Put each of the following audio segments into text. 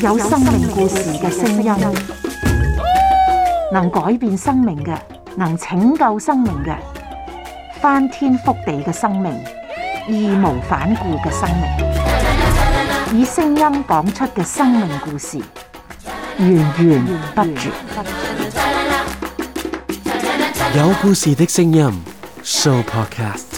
有生命故事嘅聲音，能改變生命嘅，能拯救生命嘅，翻天覆地嘅生命，義無反顧嘅生命，以聲音講出嘅生命故事，源源不絕。有故事嘅聲音，Show Podcast。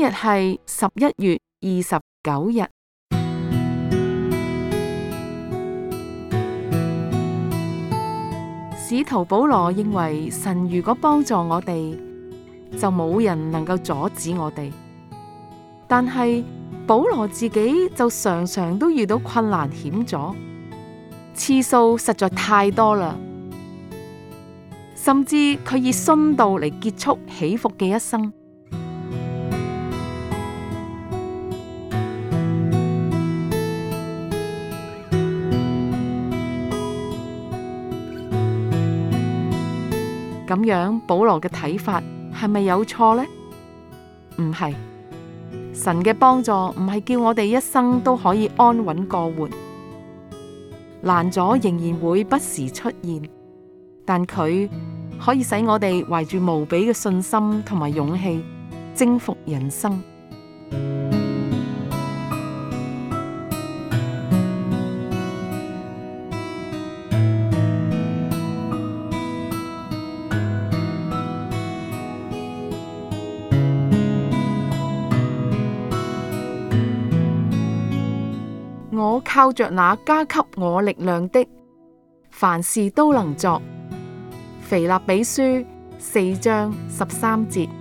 今日係十一月二十九日。使徒保羅認為神如果幫助我哋，就冇人能夠阻止我哋。但係保羅自己就常常都遇到困難險阻，次數實在太多啦，甚至佢以殉道嚟結束起伏嘅一生。咁樣保羅嘅睇法係咪有錯呢？唔係，神嘅幫助唔係叫我哋一生都可以安穩過活，難咗仍然會不時出現，但佢可以使我哋懷住無比嘅信心同埋勇氣，征服人生。我靠着那加給我力量的，凡事都能作。腓立比書四章十三節。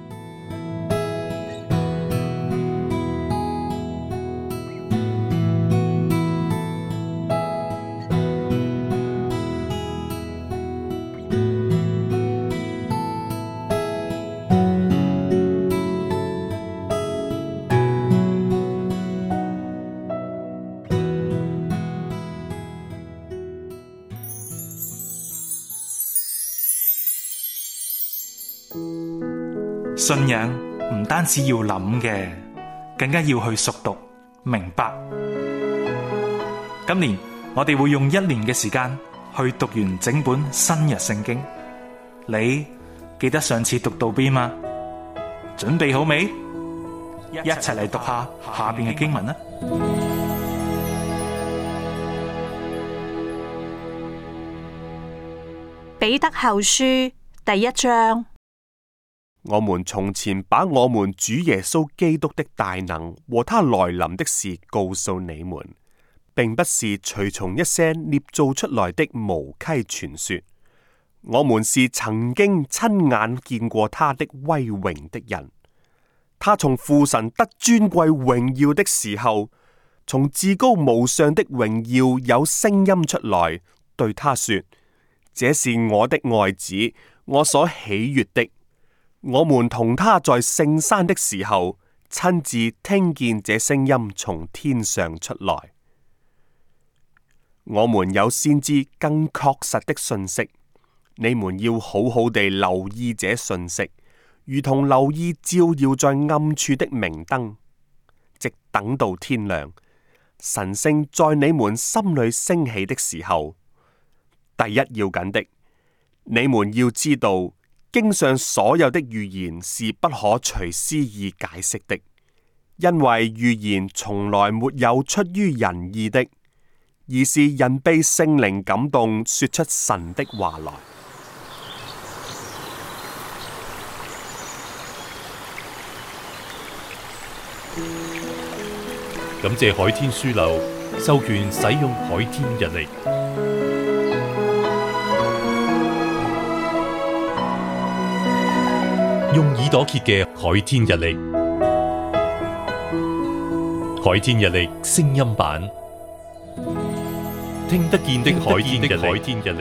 信仰唔單止要諗嘅，更加要去熟讀明白。今年我哋會用一年嘅時間去讀完整本新約聖經。你記得上次讀到邊嗎？準備好未？一齊嚟讀下下面嘅經文啦！彼得後書第一章。我們從前把我們主耶穌基督的大能和他來臨的事告訴你們，並不是隨從一些捏造出來的無稽傳說。我們是曾經親眼見過他的威榮的人。他從父神得尊貴榮耀的時候，從至高無上的榮耀有聲音出來，對他說：這是我的愛子，我所喜悅的。我們同他在聖山的時候，親自聽見這聲音從天上出來。我們有先知更確實的信息，你們要好好地留意這信息，如同留意照耀在暗處的明燈。直等到天亮，神聖在你們心裏升起的時候，第一要緊的，你們要知道。經上所有的預言是不可隨私意解釋的，因為預言從來沒有出於人意的，而是人被聖靈感動，說出神的話來。感謝海天書樓授權使用海天日曆。用耳朵揭嘅《海天日曆》，《海天日曆》聲音版，聽得見的《海天日曆》。